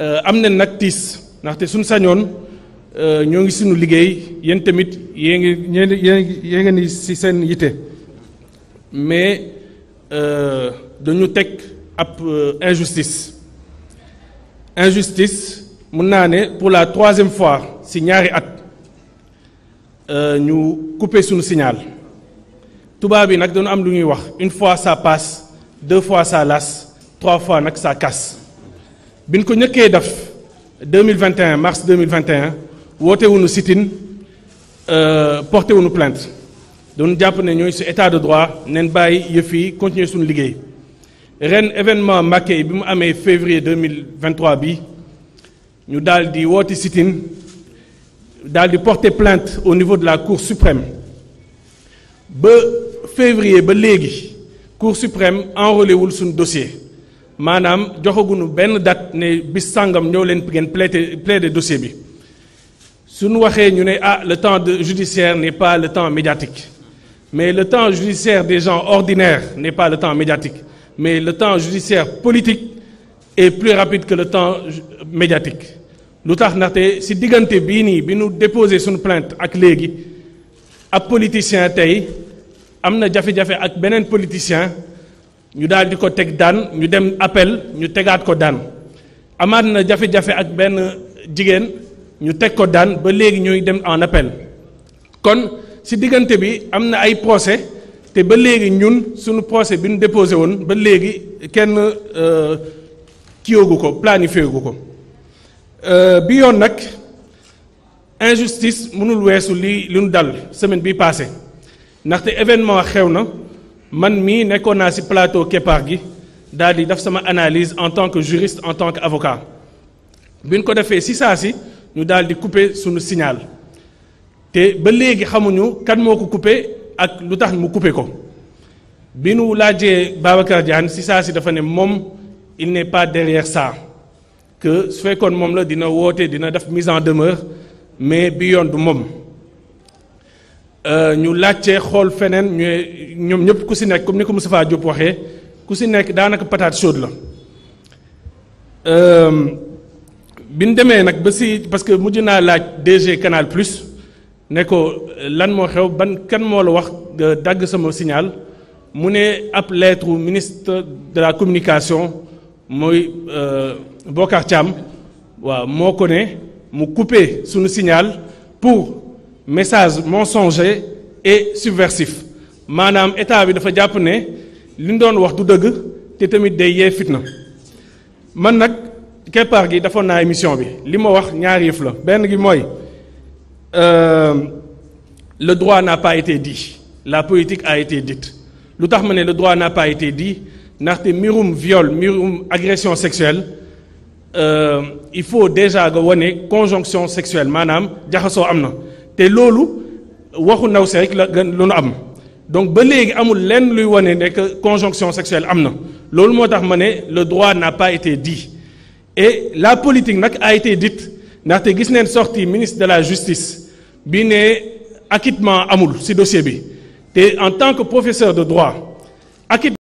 Euh, am na nag tiis ndaxte suñ sañoon euh, ñoo ngi sunu liggéey yéen tamit ngi ngi mais euh, dañu teg ab injustice injustice pour la troisième fois si ñaari at ñu couper signal Tout le nag dañu am lu ñuy wax une fois ça passe deux fois ça lasse trois fois ça casse biñ ko ñëkkee def 2021 mars 2021 woote wuñu sitin euh, porté wuñu plainte doon jàpp ne ñooy l'état état de droit neen bàyyi yëf yi continuer suñu liggéey ren événement marqué, bi mu amee février 2023 bi ñu daal di woote sit porter plainte au niveau de la cour suprême ba février ba cour suprême enrôlé wul suñu dossier Madame, joxaguñu benn date ne bis sàngam ñëw leen ngeen plaider dossier bi suñu waxee ñu ah, le temps judiciaire n'est pas le temps médiatique mais le temps judiciaire des gens ordinaires n'est pas le temps médiatique mais le temps judiciaire politique est plus rapide que le temps médiatique lu tax si diggante bii nii bi déposer déposé plainte ak léegi ab politicien tey am na jafe-jafe ak politicien ñu daal di ko teg daan ñu dem appel ñu tegaat ko daan amaat na jafe-jafe ak benn jigéen ñu teg ko daan ba léegi ñuy dem en appel kon si diggante bi am na ay procès te ba léegi ñun suñu procès bi ñu déposé woon ba léegi kenn euh, kiyogu ko planifié gu ko euh, bi yoon nag injustice mënul weesu li li ñu dal semaine bi passé ndaxte événement xew na man mii nekkoon naa si plateau keppaar gi daal di sama analyse en tant que juriste en tant que avocat bi ko defee si saa si ñu daal di couper suñu signal te ba léegi xamuñu kan moo ko couper ak lu tax mu couper ko bi nu laajee Babacar Diagne si saa si dafa ne moom il n'est pas derrière ça que su fekkoon moom la dina woote dina def mise en demeure mais bi yoon du moom. Euh, ñu laccé xol fenen ñu ñom ñëpp ku ci nek comme ni ko Moustapha Diop waxé ku si nekk daanaka patate chaude la euh biñ démé nak ba ci parce que mujj naa laaj DG Canal Plus ne ko lan moo xew ban kan mo la wax dagg sama signal mu né ap lettre ministre de la communication moy euh Bokar Cham wa moko né mu couper suñu signal pour message mensonger et subversif Manam état bi dafa japp ne li ñu doon wax du deug té tamit day yé fitna man nag keppaar gi dafa na émission bi li ma wax ñaar yef la Ben gi euh le droit n'a pas été dit la politique a été dite Lutax mané le droit n'a pas été dit té mirum viol mirum agression sexuelle euh, il faut déjà nga conjonction sexuelle manam jaxaso amna te loolu waxu naw la donc ba amul luy conjonction sexuelle am na loolu le droit n'a pas été dit et la politique a été dite ndaxte gis sorti ministre de la justice bi acquittement amul ci dossier bi en tant que professeur de droit acquit.